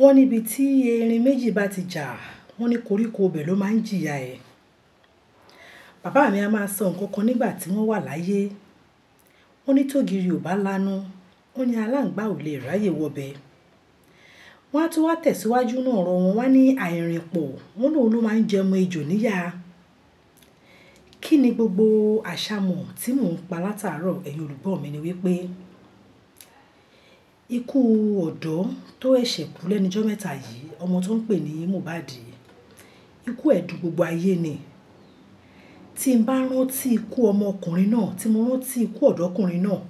Wọ́n níbi tí erin méjì bá ti jà, wọ́n ní koríko ibẹ̀ ló máa ń jìyà ẹ̀. Bàbá mi a máa sọ nǹkan kan nígbà tí wọ́n wà láyé. Wọ́n ní tògìrì ò bá lanú, wọ́n ní aláǹgbá ò lè ráyè wọbẹ̀. Wọ́n á tún wá tẹ̀síwájú nínú ọ̀rọ̀ wọn wá ní àìrìnpọ̀, wọ́n lòun ló máa ń jẹ ejò níyà. Kí ni gbogbo àṣàmọ̀ tí mò ń pa látàárọ̀ ẹ̀yin olùgbọ́ mi ni wípé ikú ọ̀dọ́ tó ṣẹ̀ṣẹ̀ kú lẹ́nujọ́ mẹ́ta yìí ọmọ tó ń pè ní Mohbad ikú ẹ̀dùn gbogbo ayé ni tí n bá rántí ikú ọmọkùnrin náà tí mo rántí ikú ọ̀dọ́kùnrin náà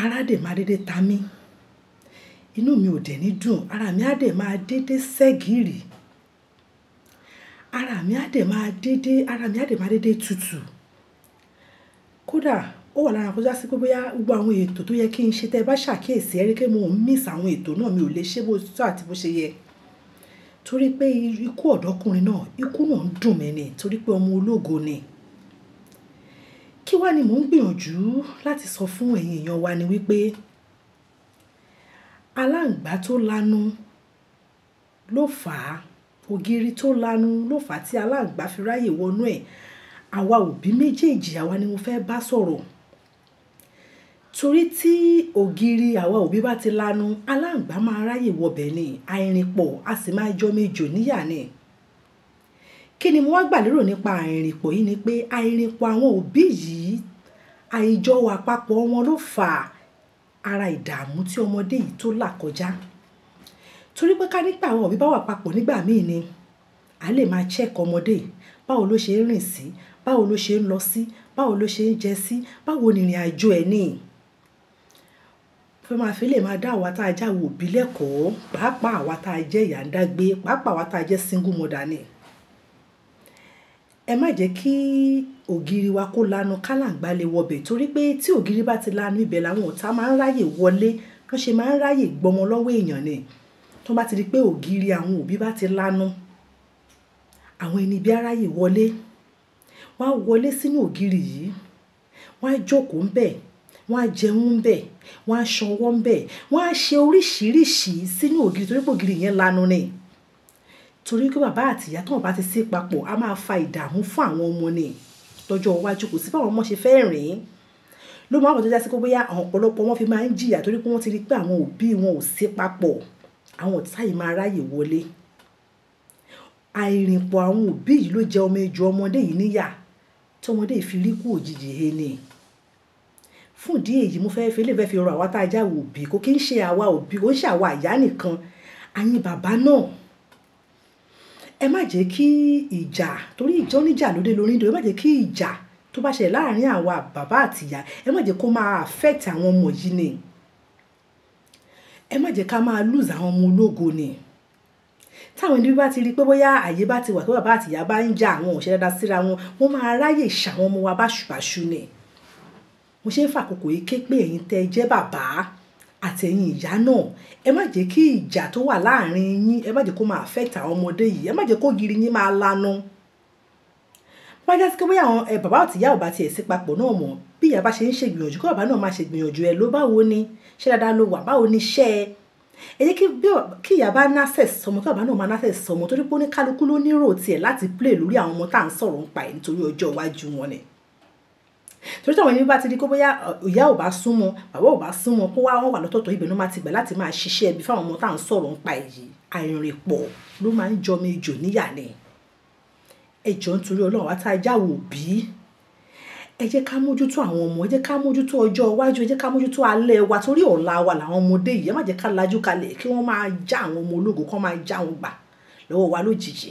ara dẹ̀ máa dédé ta mí inú mi ò dẹ̀ ní dùn ara mi á dẹ̀ máa dédé sẹ́gìrì ara mi á dẹ̀ máa dédé ara mi á dẹ̀ máa dédé tutù kódà ó wà lára àkójá sí pé bóyá gbogbo àwọn ètò tó yẹ kí n ṣe tẹ́ ẹ bá ṣàkíyèsí ẹ rí pé mo ń miss àwọn ètò náà mi ò lè ṣe bó tó àti bó ṣe yẹ torí pé ikú ọ̀dọ́kùnrin náà ikú náà ń dùn mí ni torí pé ọmọ ológo ni kí wá ni mò ń gbìyànjú láti sọ fún ẹ̀yin èèyàn wa ni wípé aláǹgbá tó lanu ló fà á ògiri tó lanu ló fà á tí aláǹgbá fi ráyè wọnú ẹ̀ àwa òbí méjèèjì àwa ni mo fẹ́ bá sọ̀rọ̀ torí tí ògiri àwa òbí bá ti lanu aláǹgbá máa ráyè wọbẹ̀ ni àìrìn pọ̀ a sì máa jọ méjò níyà ni kí ni mo wá gbà lérò nípa àìrìn pọ̀ yìí ni pé àìrìn pọ̀ àwọn òbí yìí àìjọ wà papọ̀ wọn ló fà ara ìdààmú tí ọmọdé yìí tó là kọjá torí pé ká nípa àwọn òbí bá wà papọ̀ nígbà míì ni a lè máa check ọmọdé báwo ló ṣe ń rìn sí báwo ló ṣe ń lọ sí báwo ló ṣe ń jẹ sí báwo ni ìrìn àjò ẹ̀ nìyí fẹ́ máa fi lè máa dá àwa tá a jẹ́ àwọn òbí lẹ́kọ̀ọ́ pàápàá àwa tá a jẹ́ ìyá ń dágbé pàápàá àwa tá a jẹ́ single mother ni ẹ má jẹ́ kí ògiri wa kó lanu kálàǹgbá lè wọbẹ̀ torí pé tí ògiri bá ti lanu ibẹ̀ làwọn ọ̀tá máa ń ráyè wọlé wọ́n ṣe máa ń ráyè gbọmọ lọ́wọ́ èèyàn ni tó bá ti di pé ògiri àwọn òbí bá ti lanu àwọn ẹni bí aráyè wọlé wọ́n á wọlé sínú ògiri yìí wọ́n á jókòó ń bẹ́ẹ̀ wọ́n á jẹun bẹ̀ wọ́n á ṣọwọ́ bẹ̀ wọ́n á ṣe oríṣiríṣi sínú ògiri torí pé ògiri yẹn lanu ni torí pé bàbá àtìyá tó wọn bá ti sí papọ̀ á máa fa ìdààmú fún àwọn ọmọ ni lọ́jọ́ iwájú kò sí báwọn ọmọ ṣe fẹ́ rìn ló máa ń bọ̀ tó já pé bóyá àwọn ọ̀pọ̀lọpọ̀ wọn fi máa ń jìyà torí pé wọ́n ti rí pé àwọn òbí wọn ò sí papọ̀ àwọn ọ̀tá máa ráyè wọlé àìrìnpọ̀ àwọn òbí yìí ló jẹ́ ọmọ ẹjọ́ ọmọdé yìí níyà tọmọdé ìfiríkù òjijì he ni fún ìdí èyí mo fẹ́ẹ́ fi ilé ìfẹ́ fi rọ àwa tá a jáwé òbí kò kí ń ṣe àwa òbí kò ń ṣe àwa àyá nìkan àyìn bàbá náà ẹ má jẹ́ kí ìjà torí ìjà oníjà lóde lórí ìdò ẹ má jẹ́ kí ìjà tó bá ṣẹlẹ̀ láàrin àwa bàbá àtìyá ẹ má jẹ́ kó máa affect àwọn ọmọ yìí ni ẹ má jẹ́ ká máa lose àwọn ọmọ ológo ni táwọn ẹni bá ti rí i pé bóyá àyè bá ti wà pé bàbá àtìyá bá ń jà àwọn òṣèré síra wọn wọ́n máa ráyè ṣàwọn ọmọ wa báṣubàṣu ni mo ṣe ń fàkókò yìí ké pé ẹ̀yin tẹ́ ẹ jẹ́ bàbá àtẹ̀yìn ìyá náà ẹ má jẹ́ kí ìjà tó wà láàrin yín ẹ má jẹ́ kó máa affect àwọn ọmọdé yìí ẹ má jẹ́ kó giri yín máa lanu wọ́n á jẹ́ sí pé àwọn bàbá àtìyá ò bá tiẹ̀ sí papọ̀ náà mọ̀ bí ìyá bá ṣe ń ṣègbìyànjú kí bàbá náà máa ṣègbìyànjú ẹ ló báwo ni ṣé dáadáa ló wà báwo ni ṣẹ́ ẹ ẹ jẹ́ kí ìyá bá násẹ̀ sọmọ kí bàbá náà máa násẹ̀ sọmọ torí pé oníkálukú ló ní rò tiẹ̀ láti play lórí àwọn ọmọ tá à ń sọ̀rọ̀ ń pa ẹ̀ nítorí ọjọ́ iwájú wọn ni torí táwọn ẹni bá ti rí kó bóyá ìyá ò bá súnmọ́ bàbá ò bá súnmọ́ kó wá wọn wà lọ́tọ̀ọ̀tọ̀ ibẹ̀ ló máa ti gbà láti máa ṣiṣẹ́ ẹbí fáwọn ọmọ tá à ń sọ̀rọ̀ nípa èyí àìrìnpọ̀ ló máa ń jọmọ ejò níyà ni ẹjọ́ nítorí ọlọ́run wá tá a jáwò òbí ẹ jẹ́ ká mójútó àwọn ọmọ ẹ jẹ́ ká mójútó ọjọ́ iwájú ẹ jẹ́ ká mójútó alẹ́ wa torí ọ̀la wa làwọn ọmọdé yìí ẹ má jẹ́ ká lajú kalẹ̀ kí wọ́n máa já àwọn ọmọ ológo kán máa já wọn gbà lọ́wọ́ wa lójijì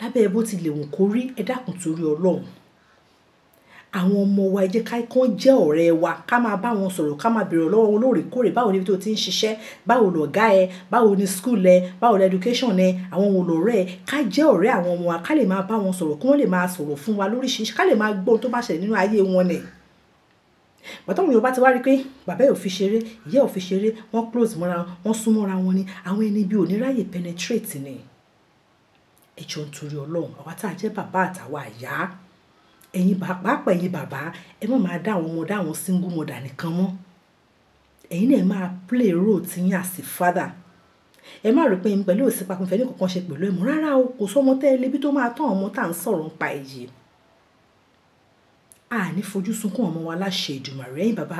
lábẹ́ bó ti lè wù kó ẹ dákun torí ọlọ́run àwọn ọmọ wa ẹ ká kán jẹ́ ọ̀rẹ́ wa ká máa bá wọn sọ̀rọ̀ ká máa bèrè lọ́wọ́ lóòrèkóòrè báwo ni tó ti ń ṣiṣẹ́ báwo lọ̀gá ẹ báwo ni school ẹ báwo ni education ẹ àwọn wo ẹ ká jẹ́ ọ̀rẹ́ àwọn ọmọ wa ká lè máa bá wọn sọ̀rọ̀ kí wọ́n lè máa sọ̀rọ̀ fún wa lóríṣiríṣi ká lè máa gbọ́ tó bá ṣẹlẹ̀ nínú ayé wọn nìyí bàtà òun yorùbá ti wá rí i pé bàbá ò fi ṣeré ìyá ò fi ṣeré wọ́n close mọ́ra wọ́n sún mọ́ra wọn ni àwọn ẹni bí oníráyè penetrate ni ẹjọ́ nítorí ọlọ́run àwa tá a jẹ́ bàbá àtàwọn àyà ẹ̀yin pàápàá ẹ̀yin bàbá ẹ má máa dá àwọn ọmọ dá àwọn single mother nìkan mọ́ ẹ̀yin náà máa play role ti yín as a father ẹ má rò pé n pẹ̀lú òsì papọ̀ ìfẹ́ ní kankan ṣe pẹ̀lú ẹ̀mú rárá o kò sọmọ tẹ́ ẹ lébi tó máa tán ọmọ tá à ń sọ̀rọ̀ ń pa èyí a ní fojú sunkún ọmọ wa láṣẹ Èdùmàrè ẹ̀yin bàbá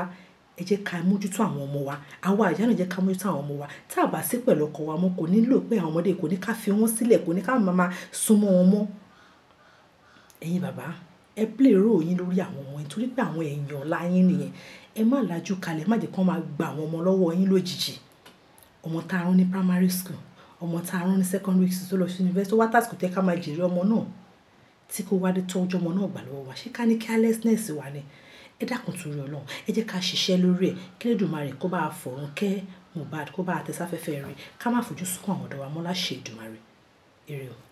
ẹ jẹ́ ká mójútó àwọn ọmọ wa àwa àyà náà jẹ́ ká mójútó àwọn ọmọ wa tá a bá sí pẹ̀lú ọkọ wa mọ́ kò nílò pé àwọn ọmọdé kò ní ká fi wọ́n sílẹ̀ kò ní ká máa súnmọ́ wọn mọ́ ẹ̀yin bàbá ẹ play role yín lórí àwọn ọmọ yín torí pé àwọn èèyàn ọ̀la yín nìyẹn ẹ má lajú kalẹ̀ má jẹ́ kí wọ́n máa gba àwọn ọmọ lọ́wọ́ yín lójijì ọmọ tá a rán ní primary school ọmọ tá a rán ní secondary school tó lọ sí university wá tásìkò tẹ ká máa jèrè ọmọ náà tí kò wá dé tọ́jú ọmọ náà gbà lọ́wọ́ wa ṣé ká ní carelessness wa ni ẹ dákun torí Ọlọ́run ẹ jẹ́ ká ṣiṣẹ́ lórí ẹ̀ kí lẹ́dùnmarè kó bá a fọ̀rùn kẹ́ Mohbad kó bá a tẹ sáfẹ́fẹ́ rẹ̀ ká má fojú sunkún àwọn ọ̀dọ́ wa mọ́ láṣẹ Èdùmàrè èrè o.